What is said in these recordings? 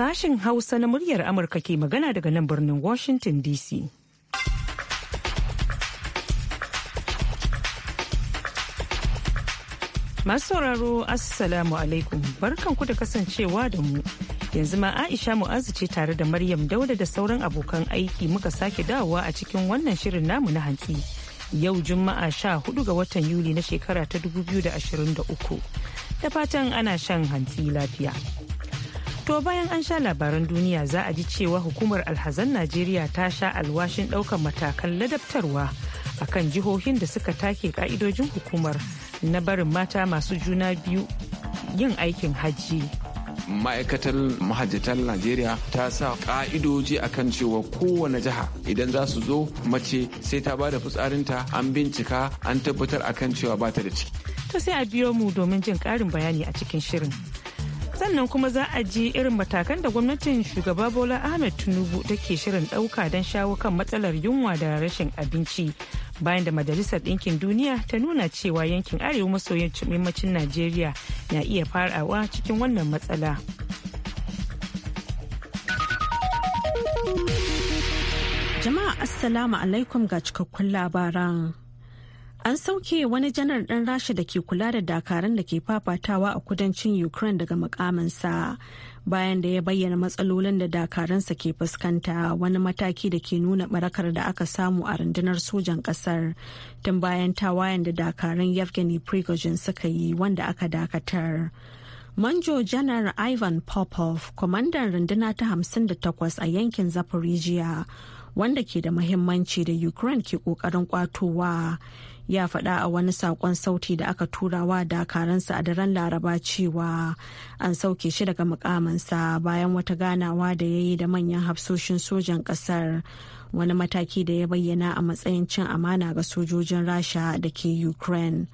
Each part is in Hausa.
Sashen Hausa na muryar Amurka ke magana daga nan birnin Washington DC. Masu sauraro Assalamu alaikum barkanku da kasancewa da mu. Yanzu ma Aisha Mu'azu ce tare da Maryam Dauda da sauran abokan aiki muka sake dawowa a cikin wannan shirin namu na hantsi. Yau Juma'a sha hudu ga watan Yuli na shekara ta 2023. Da fatan ana shan hantsi lafiya. To bayan an sha labaran duniya za a ji cewa hukumar alhazan Najeriya ta sha alwashin ɗaukar matakan ladabtarwa a kan jihohin da suka take ka'idojin hukumar na barin mata masu juna biyu yin aikin hajji. ma'aikatar mahajjatan najeriya ta sa ka'idoji akan cewa kowane jiha idan za su zo mace sai ta bada fitsarinta an bincika an tabbatar akan cewa ba ta da ciki to sai a biyo mu domin jin karin bayani a cikin shirin sannan kuma za a ji irin matakan da gwamnatin shugaba bola ahmed tinubu take shirin dauka don shawo kan matsalar yunwa da rashin abinci bayan da majalisar ɗinkin duniya ta nuna cewa yankin arewa maso yammacin najeriya na iya farawa cikin wannan matsala jama'a assalamu alaikum ga cikakkun labaran An sauke wani janar ɗan Rasha da ke kula da dakaran da ke fafatawa a kudancin Ukraine daga mukaminsa bayan da ya bayyana matsalolin da dakaransa ke fuskanta wani mataki da ke nuna barakar da aka samu a rundunar sojan ƙasar tun bayan tawayen da dakaran Yevgeny Prigozhin suka yi wanda aka dakatar. Manjo Janar Ivan Popov, kwamandan runduna ta hamsin da takwas a yankin Zaporijiya, wanda ke da mahimmanci da Ukraine ke ƙoƙarin ƙwatowa. ya faɗa a wani saƙon sauti da aka turawa dakaransa a daren laraba cewa an sauke shi daga mukamansa bayan wata ganawa da ya yi da manyan hafsoshin sojan ƙasar wani mataki da ya bayyana a matsayin cin amana ga sojojin rasha da ke ukraine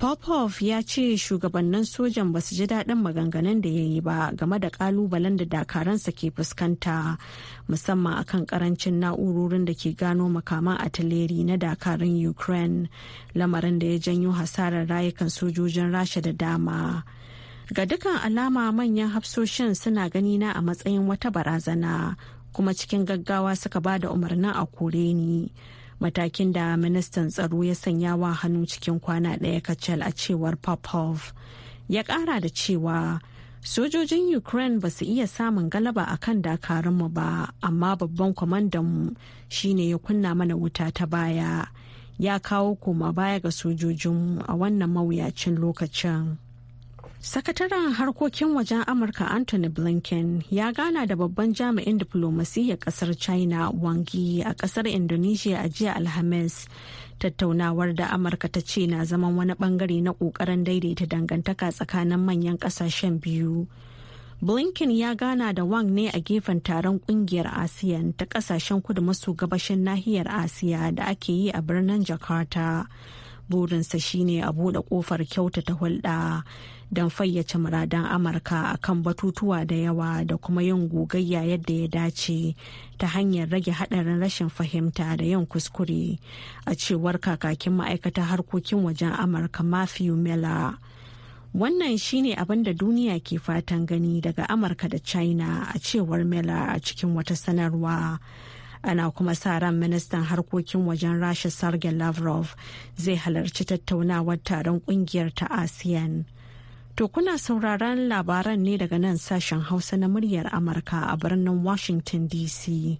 Popov ya ce shugabannin sojan ba su ji daɗin maganganun da ya yi ba game da ƙalubalen da dakaransa ke fuskanta musamman akan ƙarancin na'urorin da ke gano makaman atileri na dakarun Ukraine lamarin da ya janyo hasarar rayukan sojojin Rasha da dama. Ga dukan alama manyan hafsoshin suna ganina a matsayin wata barazana kuma cikin gaggawa suka ba da umarnin a kore ni. matakin da ministan tsaro ya sanya wa hannu cikin kwana ɗaya kacal a cewar popov ya ƙara da cewa sojojin ukraine ba su iya samun galaba a kan dakarunmu ba amma babban kwamandanmu shine ya kunna mana wuta ta baya ya kawo koma baya ga sojojinmu a wannan mawuyacin lokacin Sakataren harkokin wajen Amurka Anthony Blinken ya gana da babban jami'in diflomasiyyar kasar China Wang Yi a kasar Indonesia a jiya Alhamis. Tattaunawar da Amurka ta ce na zaman wani bangare na kokarin daidaita dangantaka tsakanin manyan kasashen biyu. Blinken ya gana da Wang ne a gefen taron ƙungiyar ASEAN ta ƙasashen kudu maso gabashin nahiyar Asiya da ake yi a birnin Jakarta. Burinsa shine a buɗe kofar kyautata hulɗa. don fayyace muradan amurka a kan batutuwa da yawa da kuma yin gogayya yadda ya dace ta hanyar rage hadarin rashin fahimta da yin kuskure a cewar kakakin ma'aikatar harkokin wajen amurka matthew miller wannan shine abin da duniya ke fatan gani daga amurka da china a cewar miller a cikin wata sanarwa ana kuma sa ran ministan harkokin wajen rasha sergei lavrov zai halarci tattaunawar taron kungiyar ta asean To kuna sauraron labaran ne daga nan sashen Hausa na muryar Amurka a birnin Washington DC.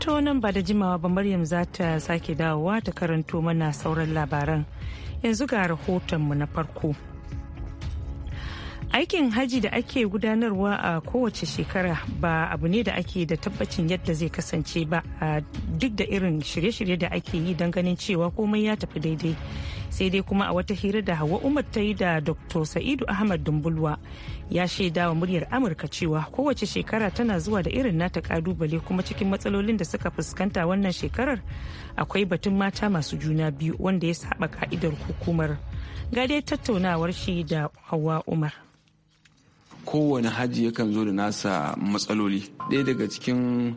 To nan ba da jimawa ba Maryam za ta sake dawowa ta karanto mana sauran labaran. Yanzu ga rahotonmu na farko. aikin haji da ake gudanarwa a kowace shekara ba abu ne da ake da tabbacin yadda zai kasance ba a duk da irin shirye-shirye da ake yi don ganin cewa komai ya tafi daidai sai dai kuma a wata hira da hawa umar ta yi da dr sa'idu ahmad dumbulwa ya shaida wa muryar amurka cewa kowace shekara tana zuwa da irin nata kalubale kuma cikin matsalolin da suka fuskanta wannan shekarar akwai batun mata masu juna biyu wanda ya saba ka'idar hukumar ga tattaunawar shi da hawa umar kowane haji yakan zo da nasa matsaloli ɗaya daga cikin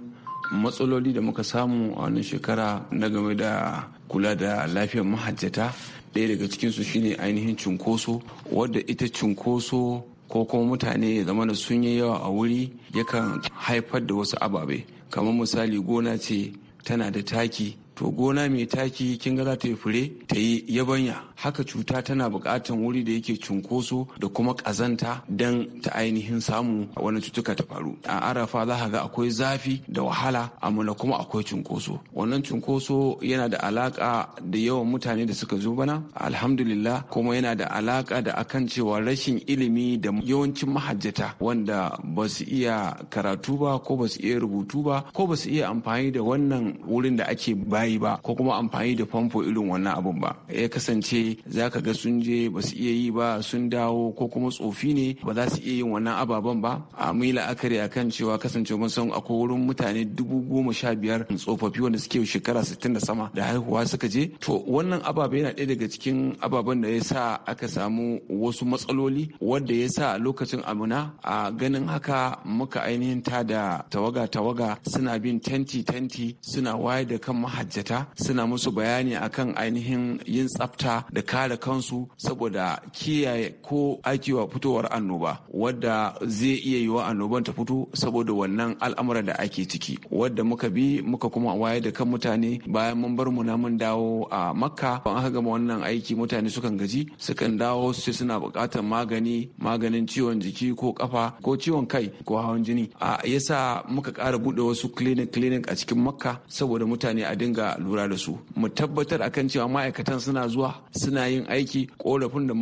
matsaloli da muka samu a wannan shekara na game da kula da lafiyar mahajjata ɗaya daga cikinsu shine ainihin cunkoso wadda ita cunkoso ko kuma mutane ya zama sun yi yawa a wuri yakan haifar da wasu ababe kamar misali gona ce tana da taki to gona mai taki kin ga za ta yi fure ta yi yabanya haka cuta tana bukatan wuri da yake cunkoso da kuma ƙazanta don ta ainihin samu wani cutuka ta faru a arafa za ka ga akwai zafi da wahala amma kuma akwai cunkoso wannan cunkoso yana da alaƙa da yawan mutane da suka zo bana alhamdulillah kuma yana da alaƙa da akan cewa rashin ilimi da yawancin mahajjata wanda ba su iya karatu ba ko ba su iya rubutu ba ko ba su iya amfani da wannan wurin da ake bayan yi ba ko kuma amfani da famfo irin wannan abun ba ya kasance za ka ga sun je ba su iya yi ba sun dawo ko kuma tsofi ne ba za su iya yin wannan ababen ba a mu yi la'akari akan cewa kasance mun san akwai wurin mutane dubu goma sha biyar tsofaffi wanda suke shekara sittin da sama da haihuwa suka je to wannan ababe yana ɗaya daga cikin ababen da ya sa aka samu wasu matsaloli wanda ya sa lokacin amina a ganin haka muka ainihin ta da tawaga tawaga suna bin tenti tenti suna wayar da kan mahajja ma'aikata suna musu bayani akan ainihin yin tsafta da kare kansu saboda kiyaye ko aikewa fitowar annoba wadda zai iya yiwa annoban ta fito saboda wannan al'amuran da ake ciki wadda muka bi muka kuma wayar da kan mutane bayan mun bar mu na mun dawo a makka ban aka gama wannan aiki mutane sukan gaji sukan dawo su suna buƙatar magani maganin ciwon jiki ko kafa ko ciwon kai ko hawan jini a yasa muka ƙara buɗe wasu clinic clinic a cikin makka saboda mutane a dinga lura da su mu tabbatar akan cewa ma'aikatan suna zuwa suna yin aiki korafin da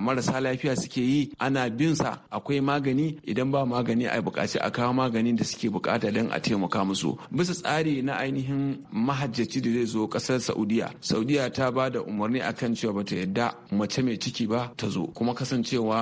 marasa lafiya suke yi ana bin sa akwai magani idan ba magani a bukaci a kawo magani da suke bukata don a taimaka musu bisa tsari na ainihin mahajjaci da zai zo kasar saudiya saudiya ta ba da umarni akan cewa bata yadda mace mai ciki ba ta zo kuma kasancewa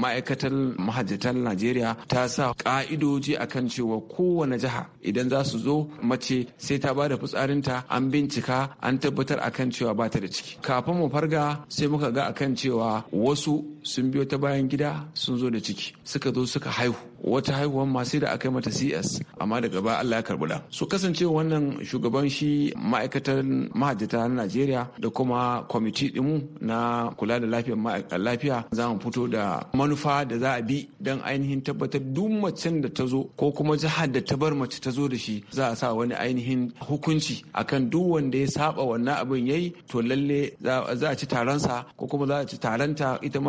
ma'aikatar mahajjatan najeriya ta sa ka'idoji akan cewa kowane jiha idan za su zo mace sai ta ba da fitsarinta a an bincika an tabbatar akan cewa ba ta da ciki kafin mu farga sai muka ga akan cewa wasu sun biyo ta bayan gida sun zo da ciki suka zo suka haihu wata haihuwar ma sai da aka yi mata cs amma daga baya allah ya karbi da su kasance wannan shugaban shi ma'aikatan mahajjata na najeriya da kuma kwamiti dinmu na kula da lafiyar lafiya za mu fito da manufa da za a bi don ainihin tabbatar duk macen da ta zo ko kuma jihar da ta bar mace ta zo da shi za a sa wani ainihin hukunci akan duk wanda ya saba wannan abin yayi to lalle za a ci taronsa ko kuma za a ci taronta ita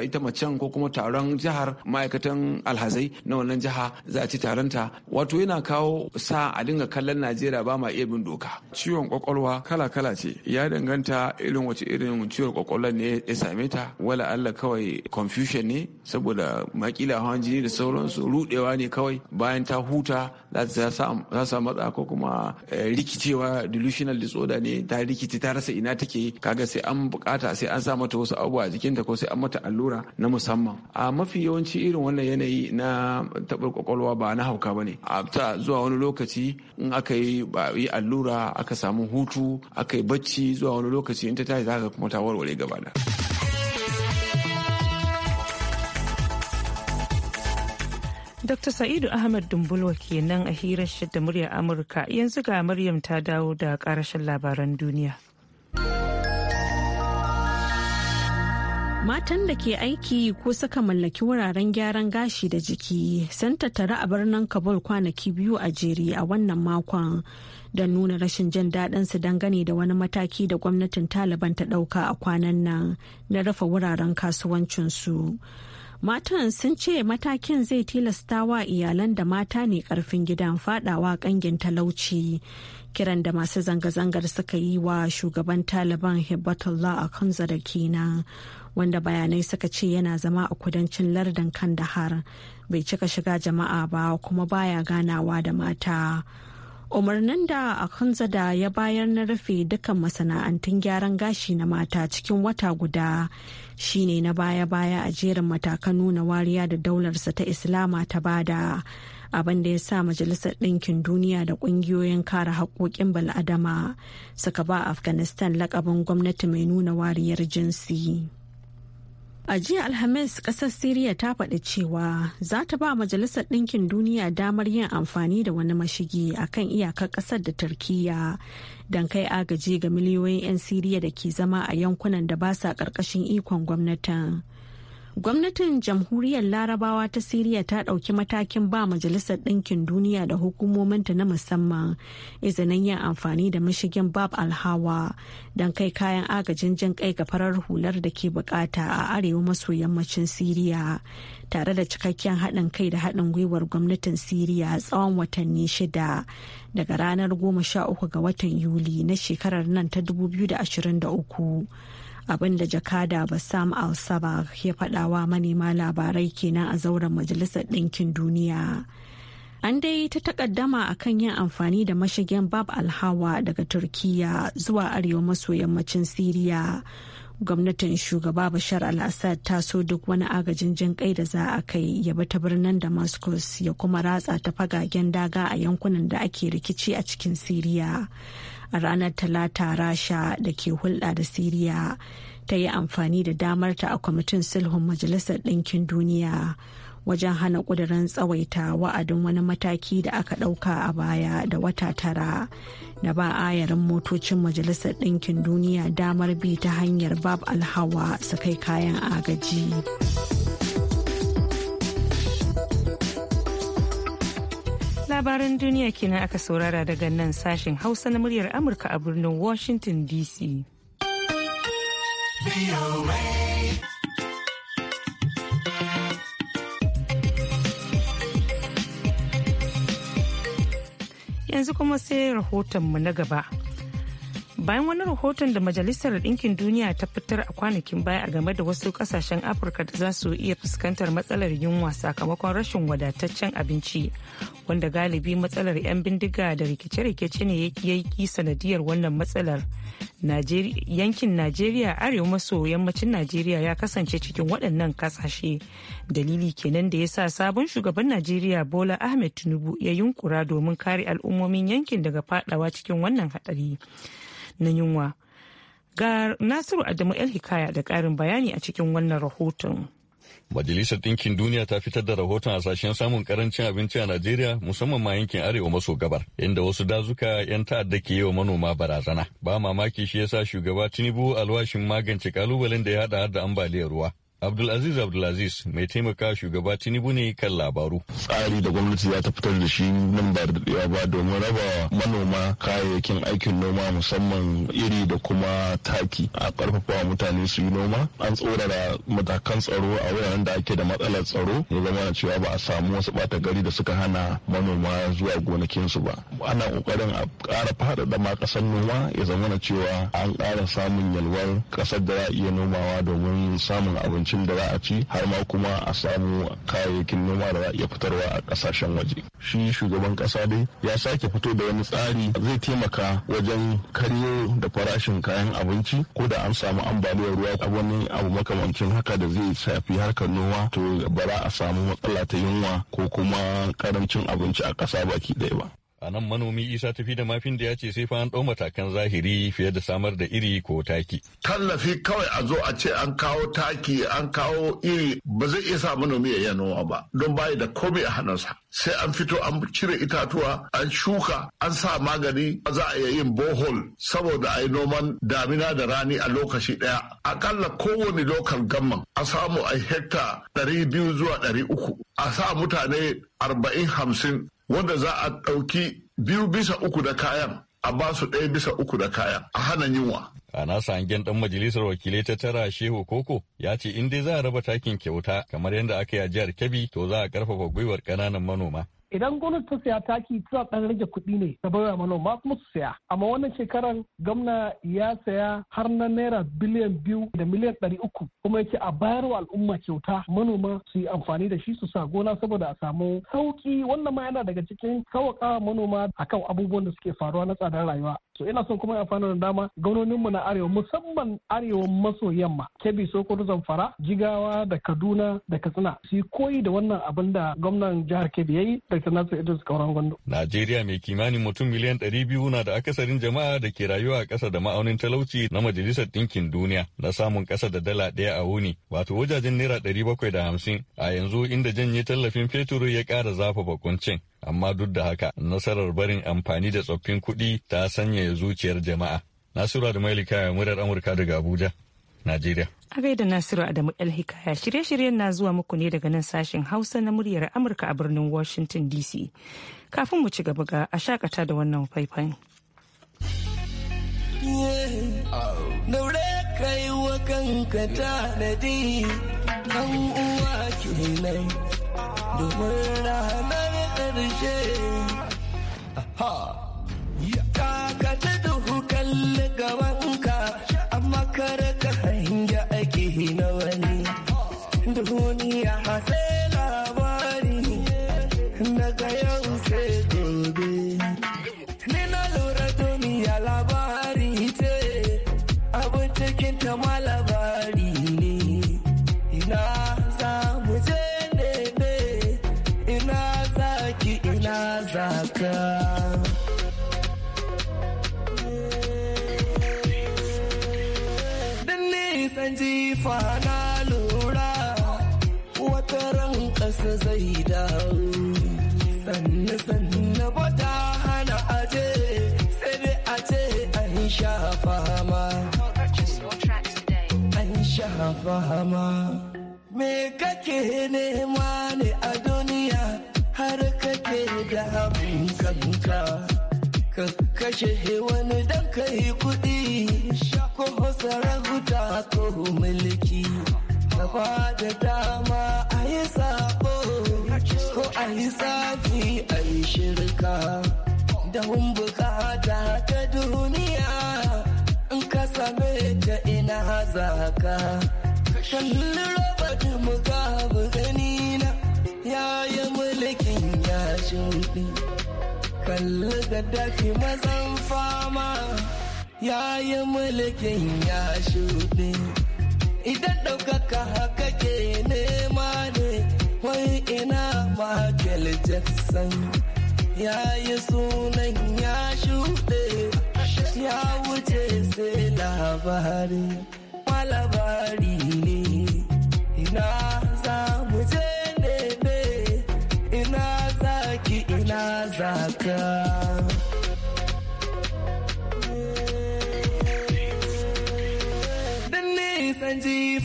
ita macen ko kuma taron jihar ma'aikatan alhazi kwasai na wannan jiha za a ci taronta wato yana kawo sa a dinga kallon najeriya ba ma iya bin doka ciwon kwakwalwa kala kala ce ya danganta irin wace irin ciwon kwakwalwa ne ya same ta wala allah kawai confusion ne saboda makila hawan jini da sauransu rudewa ne kawai bayan ta huta za su samu matsa ko kuma eh, rikicewa delusional disorder ne ta rikici ta rasa ina take kaga sai an bukata sai an sa mata wasu abubuwa a jikinta ko sai an mata allura na musamman a mafi yawanci irin wannan yanayi na tabar kwakwalwa ba na hauka bane a ta zuwa wani lokaci in aka yi ba yi allura aka samu hutu aka yi bacci zuwa wani lokaci in ta tashi ka kuma ta warware gaba da Dr. Sa'idu Ahmad Dumbulwa kenan a hirar da muryar Amurka yanzu ga Maryam ta dawo da karashin labaran duniya. Matan da ke aiki ko suka mallaki wuraren gyaran gashi da jiki sun tattara a birnin Kabul kwanaki biyu a jere a wannan makon don nuna rashin jin daɗin su dangane da wani mataki da gwamnatin Taliban ta ɗauka a kwanan nan na rufe wuraren kasuwancinsu. su. Matan sun ce matakin zai tilasta wa iyalan da mata ne karfin gidan fadawa kangin talauci. Kiran da masu zanga-zangar suka yi wa shugaban Taliban Hibbatullah a kanza da kenan wanda bayanai suka ce yana zama a kudancin lardin Kandahar bai cika shiga jama'a ba kuma baya ganawa da mata. umarnin da da ya bayar na rufe dukkan masana'antun gyaran gashi na mata cikin wata guda shine na baya-baya a jerin matakan nuna wariya da daularsa ta islama ta bada abin da ya sa majalisar ɗinkin duniya da ƙungiyoyin kare haƙoƙin bal'adama suka ba afghanistan lakabin gwamnati mai nuna wariyar jinsi. A jiya Alhamis ƙasar Siriya ta faɗi cewa za ta ba Majalisar Ɗinkin Duniya damar yin amfani da wani mashigi a kan iyakar ƙasar da Turkiyya don kai agaji ga miliyoyin 'yan Siriya da ke zama a yankunan da ba sa ƙarƙashin ikon gwamnatin. gwamnatin jamhuriyar larabawa ta siriya ta ɗauki matakin ba majalisar ɗinkin duniya da hukumominta na musamman izinin yin amfani da mashigin bab alhawa don kai kayan agajin jin kai ga farar hular da ke bukata a arewa maso yammacin siriya tare da cikakken haɗin kai da haɗin gwiwar gwamnatin siriya tsawon watanni shida daga ranar 13 ga watan yuli na shekarar nan ta 2023 abinda jakada bassam al-sabah ya faɗawa manema labarai kenan a zauren majalisar ɗinkin duniya an dai ta takaddama a kan yin amfani da mashigin bab hawa daga turkiya zuwa arewa maso yammacin siriya gwamnatin shugaba bashar al-assad ta so duk wani agajin jin kai da za a kai ya bi ta birnin damascus ya kuma ratsa ta fagagen daga a yankunan da ake rikici a cikin siriya a ranar talata rasha da ke hulɗa da siriya ta yi amfani da damarta a kwamitin sulhun majalisar ɗinkin duniya wajen hana ƙudurin tsawaita wa'adin wani mataki da aka ɗauka a baya da wata tara da ba ayarin motocin majalisar ɗinkin duniya damar bi ta hanyar bab alhawa su kai kayan agaji. labaran duniya kenan aka saurara daga nan sashen hausa na muryar amurka a birnin washington dc yanzu kuma sai rahotonmu na gaba bayan wani rahoton da majalisar ɗinkin duniya ta fitar a kwanakin baya a game da wasu ƙasashen afirka da za su iya fuskantar matsalar yunwa sakamakon rashin wadataccen abinci wanda galibi matsalar 'yan bindiga da rikice-rikice ne ya yi sanadiyar wannan matsalar yankin najeriya arewa maso yammacin najeriya ya kasance cikin waɗannan kasashe dalili kenan da ya sa sabon shugaban najeriya bola ahmed tinubu ya yunkura domin kare al'ummomin yankin daga fadawa cikin wannan haɗari. na yunwa ga nasiru adamu el hikaya da ƙarin bayani a cikin wannan rahoton Majalisar Ɗinkin Duniya ta fitar da rahoton hasashen samun karancin abinci a Najeriya musamman ma yankin arewa maso gabar, inda wasu dazuka 'yan ta'adda ke yi wa manoma barazana. Ba mamaki shi yasa shugaba Tinubu alwashin magance kalubalen da ya haɗa da ambaliyar ruwa. Abdulaziz Abdulaziz mai taimaka shugaba Tinubu ne kan labaru. Tsari da gwamnati za ta fitar da shi nan ba da daɗewa ba domin raba manoma kayayyakin aikin noma musamman iri da kuma taki a ƙarfafa mutane su yi noma. An tsorara matakan tsaro a wuraren da ake da matsalar tsaro ya zama cewa ba a samu wasu ɓata gari da suka hana manoma zuwa gonakinsu ba. Ana ƙoƙarin a ƙara faɗaɗa ma ƙasar noma ya zama na cewa an ƙara samun yalwar ƙasar da za a iya nomawa domin samun abinci abincin da za a ci har ma kuma a samu kayayyakin noma da za a iya fitarwa a kasashen waje shi shugaban kasa dai ya sake fito da wani tsari zai taimaka wajen karyo da farashin kayan abinci ko da an samu ambaliyar ruwa a wani abu makamancin haka da zai shafi harkar noma to ba za a samu matsala ta yunwa ko kuma karancin abinci a ƙasa baki ɗaya ba A nan manomi Isa tafi da mafin da ya ce sai fa an ɗau matakan zahiri fiye da samar da iri ko taki. Tallafi kawai a zo a ce an kawo taki an kawo iri ba zai iya sa manomi ya yi noma ba don bayi da komai a hannunsa. Sai an fito an cire itatuwa an shuka an sa magani za a yin bohol saboda a yi noman damina da rani a lokaci ɗaya. Akalla kowane lokal gamman a samu a hekta ɗari biyu zuwa ɗari a sa mutane arba'in hamsin wanda za a ɗauki biyu bisa uku da kayan a ba su ɗaya bisa uku da kayan a hana yunwa. A nasa hangen ɗan majalisar wakilai ta tara Shehu Koko ya ce in dai za a raba takin kyauta kamar yadda aka yi a jihar Kebbi to za a ƙarfafa gwiwar ƙananan manoma. idan gwamnati ta saya taki tana dan rage kuɗi ne ta baiwa manoma kuma su saya amma wannan shekaran gwamna ya saya har na naira biliyan biyu da miliyan ɗari uku kuma yake a bayar wa al'umma kyauta manoma su yi amfani da shi su sa gona saboda a samu sauki wannan ma yana daga cikin sauƙawa manoma akan abubuwan da suke faruwa na tsadar rayuwa so ina son kuma amfani da dama gwamnoninmu na arewa musamman arewa maso yamma kebbi sokoto zamfara jigawa da kaduna da katsina su koyi da wannan abin da gwamnan jihar kebbi ya yi da ta nasu idris kauran gwando. najeriya mai kimanin mutum miliyan ɗari biyu na da akasarin jama'a da ke rayuwa a ƙasa da ma'aunin talauci na majalisar ɗinkin duniya na samun ƙasa da dala ɗaya a wuni wato wajajen naira ɗari bakwai da hamsin a yanzu inda janye tallafin fetur ya ƙara zafa kuncin. amma duk da haka nasarar barin amfani da tsoffin kuɗi ta sanyaya zuciyar jama'a. Nasiru da Mailika murar Amurka daga Abuja, Najeriya. A gaida Nasiru Adamu El Hikaya shirye-shiryen na zuwa muku ne daga nan sashen Hausa na muryar Amurka a birnin Washington DC. Kafin mu ci gaba ga a shakata da wannan faifan. Daure kai wa kanka tanadi, uwa kenan domin ranar ƙarshe kakata duhu kalli gabanka amma kare ka hangi aiki na wani duniya hasa fa na lura wata ran ƙasa zai dawo sannu sanna ba ta hana aje sai dai a ce an sha fama an sha fama me kake nema ne a duniya har kake da kanka ka kashe wani dan kai kuɗi ko mulki ba da dama a yi sabo ko a yi safi a yi shirka da hun bukata ta duniya in ka same ta ina za ka kalli robert mugabe gani na ya yi mulkin ya shimfi kalli dafi mazan fama ya yi mulkin ya shuɗe idan ɗaukaka haka ke nema ne wai ina Michael Jackson ya yi sunan ya shuɗe ya wuce sai labari malabari ne ina za mu je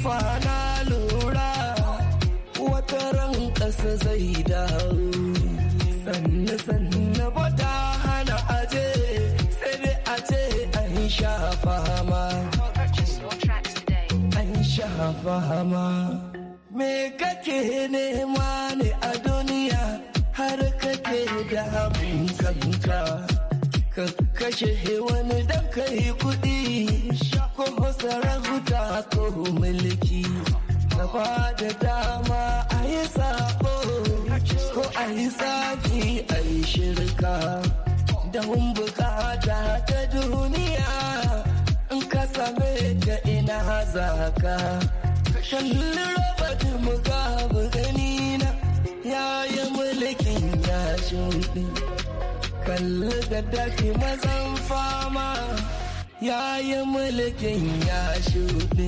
fa na lura wata ran ƙasa zai dawo sanna sanna ba ta hana aje sai dai a ce an shafa ma an shafa ma. me kake nema ne a duniya har kake da kanka ka kashe wani dan kai kuɗi ko huta ko mulki gaba da dama a yi sabo ko a yi zagi a yi shirka don bukata ta duniya in ka same ta ina zaka kalli robert mugabe ganina ya yi mulkin ya shuɗi kalli dafi mazan fama ya yi mulkin ya shuɗe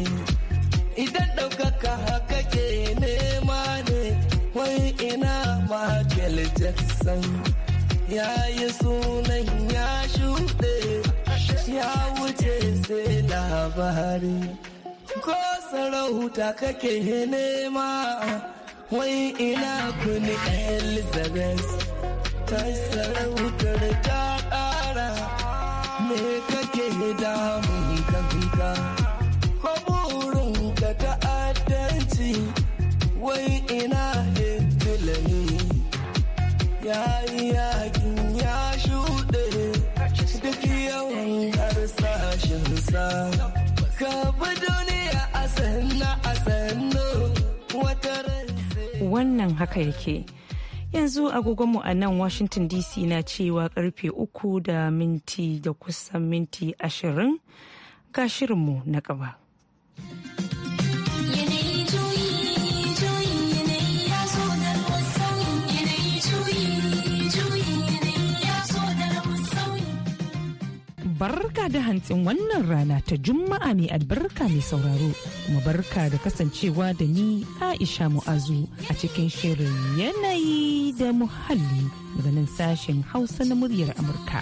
idan ɗaukaka haka ke nema ne wai ina Michael Jackson ya yi sunan ya shuɗe ya wuce sai labari ko sarauta kake nema wai ina kuni Elizabeth ta sarautar ta ƙara me kake damun kanka maburin ka ta'addanci wai ina hitulani ya yi yakin ya shuɗe duk yawan harsashinsa ka bi duniya a sanna a sannu wata wannan haka yake yanzu agogonmu a nan washington dc na cewa karfe uku da minti da kusan minti ashirin ga shirinmu na gaba. barka da hantsin wannan rana ta juma'a mai albarka mai sauraro kuma barka da kasancewa da ni aisha mu'azu a cikin shirin yanayi da muhalli daga nan sashen hausa na muryar amurka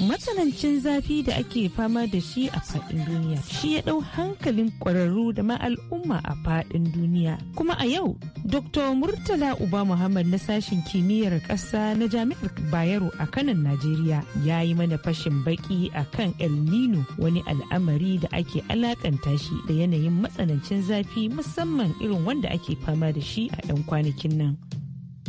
matsanancin zafi da ake fama da shi a faɗin duniya shi ya ɗau hankalin ƙwararru da ma al'umma a faɗin duniya kuma a yau dr murtala uba muhammad na sashen kimiyyar ƙasa na jami'ar bayero a kanan najeriya ya yi mana fashin baki a kan el nino wani al'amari da ake alakanta shi da yanayin matsanancin zafi musamman irin wanda ake fama da shi a 'yan kwanakin nan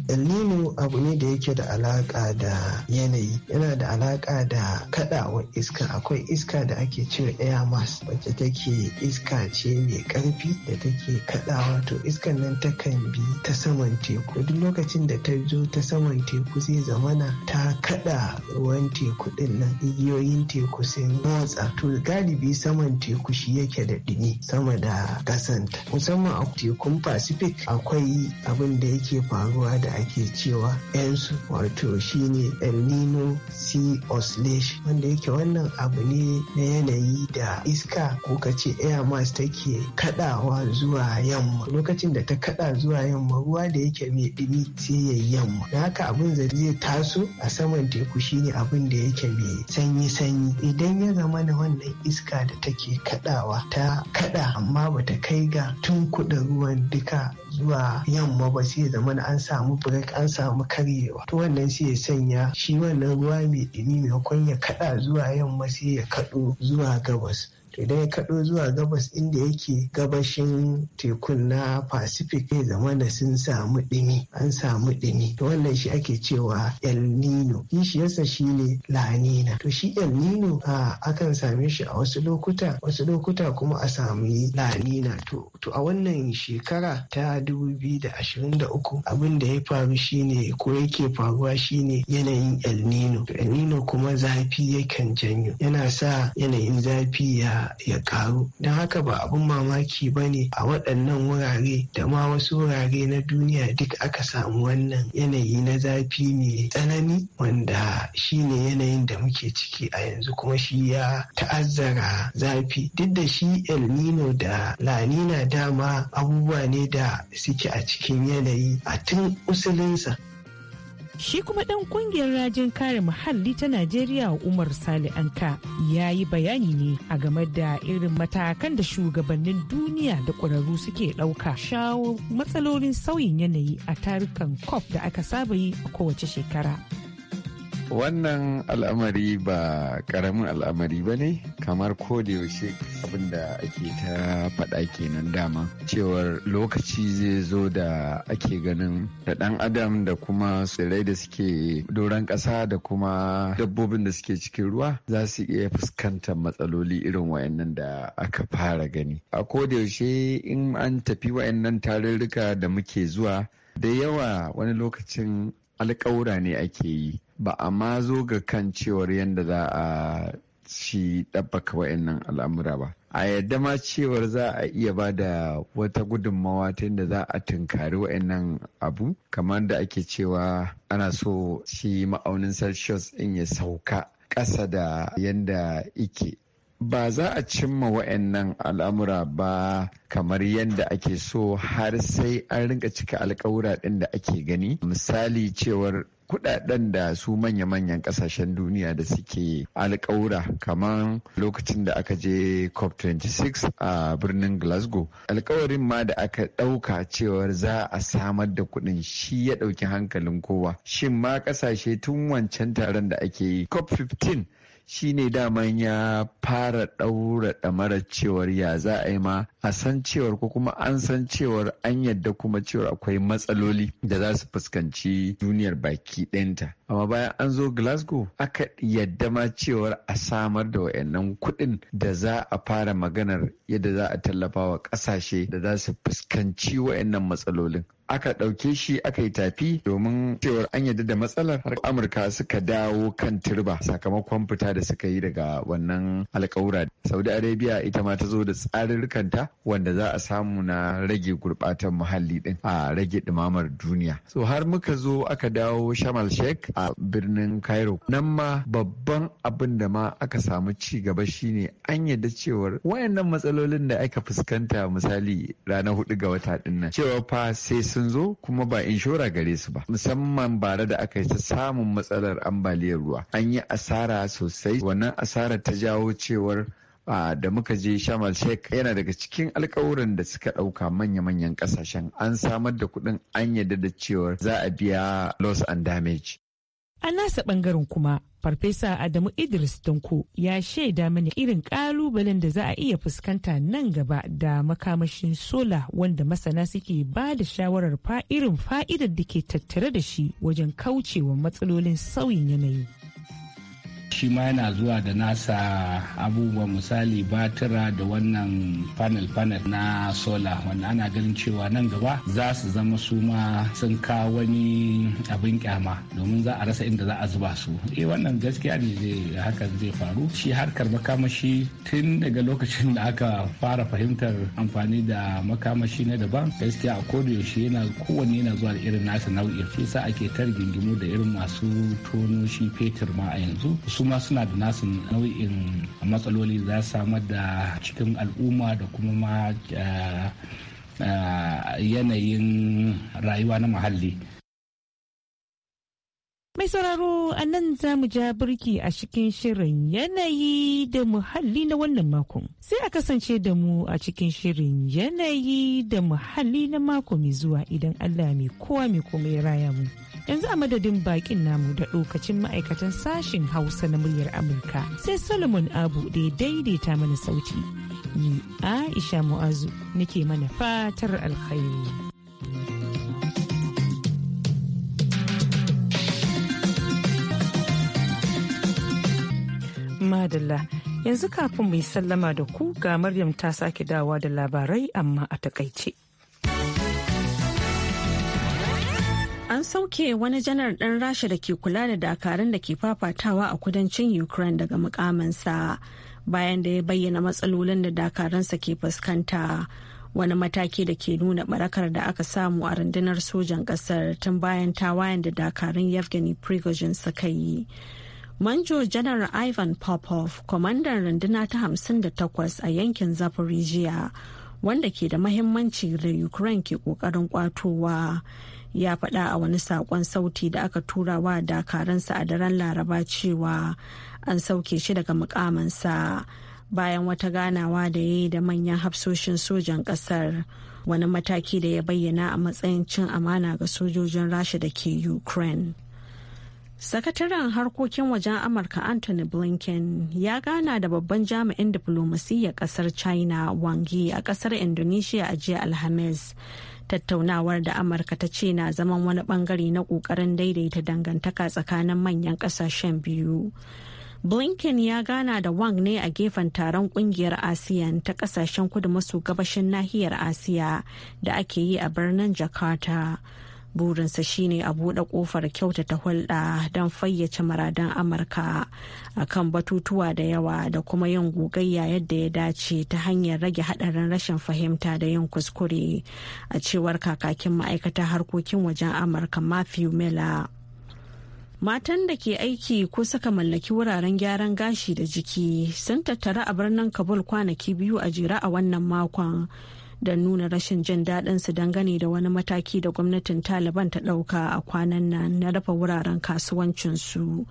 El Nino abu ne da yake da alaka da yanayi yana da alaka da kadawa iska akwai iska da ake cewa air mass wacce take iska ce mai karfi da take kadawa to iskan nan takan bi ta saman teku duk lokacin da ta zo ta saman teku zai zamana ta kada ruwan teku din nan igiyoyin teku sai motsa to galibi saman teku shi yake da dumi sama da kasanta musamman a tekun pacific akwai abin da yake faruwa da ake cewa ensu wato shine el nino sea oscillation wanda yake wannan abu ne na yanayi da iska ko ka ce air mass take kadawa zuwa yamma lokacin da ta kada zuwa yamma ruwa da yake mai dumi sai ya yamma da haka abin zai taso a saman teku shine abin da yake mai sanyi sanyi idan ya zama na wannan iska da take kadawa ta kada amma bata kai ga tun kuɗa ruwan duka zuwa yamma ba sai zama an samu kuma an samu karyewa to wannan sai ya sanya shi wannan ruwa mai ɗumi maimakon ya kaɗa zuwa yamma sai ya kaɗo zuwa gabas to idan ya kaɗo zuwa gabas inda yake gabashin tekun na pacific ya zama da sun samu ɗumi an samu ɗumi to wannan shi ake cewa el nino kishiyarsa shi ne lanina to shi el nino a akan same shi a wasu lokuta wasu lokuta kuma a sami lanina to a wannan shekara ta 2023 abin da ya faru shine ko yake faruwa shine yanayin el nino el nino kuma zafi yakan janyo yana sa yanayin zafi ya ya karu don haka ba abin mamaki ba ne a waɗannan wurare da ma wasu wurare na duniya duk aka samu wannan yanayi na zafi ne tsanani wanda shi ne yanayin da muke ciki a yanzu kuma shi ya ta'azzara zafi duk da shi el nino da lanina dama abubuwa ne da suke a cikin yanayi a tun usulinsa Shi kuma ɗan ƙungiyar rajin kare muhalli ta Najeriya Umar Sale Anka ya yi bayani ne a game da irin matakan da shugabannin duniya da ƙwararru suke ɗauka shawo matsalolin sauyin yanayi a tarukan COP da aka saba yi a kowace shekara. wannan al'amari ba karamin al'amari ba ne kamar yaushe abinda ake ta faɗa kenan dama cewar lokaci zai zo da ake ganin da ɗan adam da kuma tsirrai da suke doron ƙasa da kuma dabbobin da suke cikin ruwa za su iya fuskantar matsaloli irin wayannan da aka fara gani a yaushe in an tafi wayannan tarurruka da muke zuwa da yawa wani lokacin alƙawura ne ake yi ba a ma zo ga kan cewar yadda za a ci ɗabbaka wa'annan al'amura ba a yadda ma cewar za a iya ba da wata gudunmawa ta yadda za a tunkari wa'annan abu kamar da ake cewa ana so shi ma'aunin celsius in ya sauka ƙasa da yadda ike ba za a cimma wa'annan al'amura ba kamar yadda ake so har sai an rinka cika alkawura ɗin da ake gani misali cewar kudaden da su manya-manyan kasashen duniya da suke alkawura kamar lokacin da aka je cop 26 a birnin glasgow alkawarin ma da aka dauka cewar za a samar da kudin shi ya dauki hankalin kowa shin ma kasashe tun wancan taron da ake yi cop 15 shine daman ya fara ɗaura ɗamarar cewar ya za a yi ma a san cewar ko kuma an san cewar an yadda kuma cewar akwai matsaloli da za su fuskanci duniyar baki ɗinta amma bayan an zo glasgow aka yadda ma cewar a samar da wayannan kuɗin da za a fara maganar yadda za a tallafa wa ƙasashe da za su fuskanci wayannan matsalolin aka ɗauke shi aka yi tafi domin cewar an yadda da matsalar har amurka suka dawo kan turba sakamakon fita da suka yi daga wannan alkawura saudi arabia ita ma ta zo da tsarirkanta wanda za a samu na rage gurbatan muhalli din a rage ɗumamar duniya so har muka zo aka dawo shamal sheikh a birnin cairo nan ma babban abin da ma aka samu ci gaba shine an yadda cewar wayannan matsalolin da aka fuskanta misali ranar hudu ga wata dinnan cewa fa sai sun zo kuma ba inshora gare su ba musamman bare da aka yi ta samun matsalar ambaliyar ruwa an yi asara sosai wannan asara ta jawo cewar da muka je shamal sheikh yana daga cikin alkawuran da suka ɗauka manya-manyan ƙasashen an samar da kuɗin an yadda da cewar za a biya loss and damage a nasa ɓangaren kuma farfesa adamu idris danko ya shaida mani irin ƙalubalen da za a iya fuskanta nan gaba da makamashin sola wanda masana suke ba da shawarar fa irin fa'idar da ke tattare da shi wajen kaucewa matsalolin sauyin yanayi shi ma yana zuwa da nasa abubuwa misali batira da wannan panel panel na solar wanda ana ganin cewa nan gaba za su zama su ma sun kawo wani abin kyama domin za a rasa inda za a zuba su eh wannan gaskiya ne zai hakan zai faru shi harkar makamashi tun daga lokacin da aka fara fahimtar amfani da makamashi na daban gaskiya a koda yaushe yana kowanne yana zuwa da irin nasa nau'i shi sa ake tar gingimu da irin masu tono shi fetur ma a yanzu su ma suna da nasu nau'in matsaloli za su samar da cikin al'umma da kuma ma eh, eh, yanayin rayuwa na muhalli Mai sauraro a nan za mu ja birki a cikin shirin yanayi da muhalli na wannan makon. Sai a kasance da mu a cikin shirin yanayi da muhalli na mako mai zuwa idan Allah mai kowa mai komai raya mu. Yanzu a madadin bakin namu da lokacin ma'aikatan sashen Hausa na muryar Amurka sai Solomon Abu da ya daidaita mana sauti. Ni Aisha Mu'azu nake mana fatar alkhairi. madalla yanzu kafin mu yi sallama da ku ga maryam ta sake dawa da labarai amma a takaice. An sauke wani janar ɗan Rasha da ke kula da dakarun da ke fafatawa a kudancin Ukraine daga mukamansa bayan da ya bayyana matsalolin da dakaransa ke fuskanta. Wani mataki da ke nuna barakar da aka samu a rundunar sojan ƙasar tun bayan tawayen da dakarun Yevgeny Prigozhin suka yi. manjo janar ivan popov kwamandan runduna ta 58 a yankin Zaporizhia, wanda ke da mahimmanci da ukraine ke kokarin kwatowa ya faɗa a wani saƙon sauti da aka tura wa dakaransa a daren laraba cewa an sauke shi daga mukamansa bayan wata ganawa da ya yi da manyan hafsoshin sojan ƙasar wani mataki da ya bayyana a matsayin cin amana ga sojojin rasha da ke ukraine Sakataren harkokin wajen Amurka Anthony Blinken ya gana da babban jami'in diflomasiyyar kasar China Wang Yi a kasar Indonesia a jiya Alhamis. Tattaunawar da Amurka ta ce na zaman wani bangare na kokarin daidaita dangantaka tsakanin manyan kasashen biyu. Blinken ya gana da Wang ne a gefen taron kungiyar ASEAN ta kasashen kudu maso gabashin nahiyar Asiya da ake yi a birnin Jakarta. burinsa shine a buɗe ƙofar kyautata hulɗa don fayyace maradan amurka a kan batutuwa da yawa da kuma yin gogayya yadda ya dace ta hanyar rage haɗarin rashin fahimta da yin kuskure a cewar kakakin ma'aikatar harkokin wajen amurka matthew miller matan da ke aiki ko suka mallaki wuraren gyaran gashi da jiki sun tattara a birnin kabul kwanaki biyu a jira a wannan makon da nuna rashin jin daɗin su dangane da wani mataki da gwamnatin taliban ta ɗauka a kwanan nan na rufe wuraren kasuwancinsu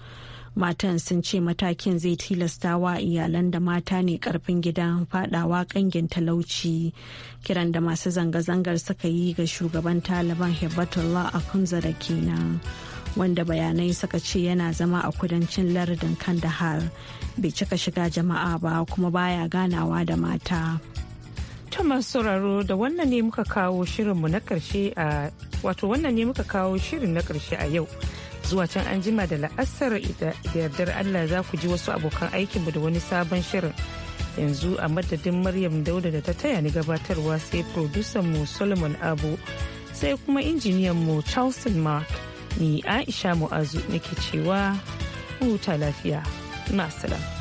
matan sun ce matakin zai tilasta wa iyalan da mata ne karfin gidan fadawa kangin talauci kiran da masu zanga-zangar suka yi ga shugaban taliban a kunza da kenan wanda bayanai suka ce yana zama a kudancin lardin kandahar bai cika shiga jama'a ba kuma baya ganawa da mata ta masu sauraro da wannan ne muka kawo shirinmu na karshe a wato wannan ne muka kawo shirin na karshe a yau zuwa can an jima da la'asar da yardar Allah za ku ji wasu abokan aikinmu da wani sabon shirin yanzu a madadin Maryam Dauda da ta taya ni gabatarwa sai mu Solomon Abu sai kuma injiniyan mu Charleston Mark ni Aisha Mu'azu nake cewa huta lafiya. Ma'asalam.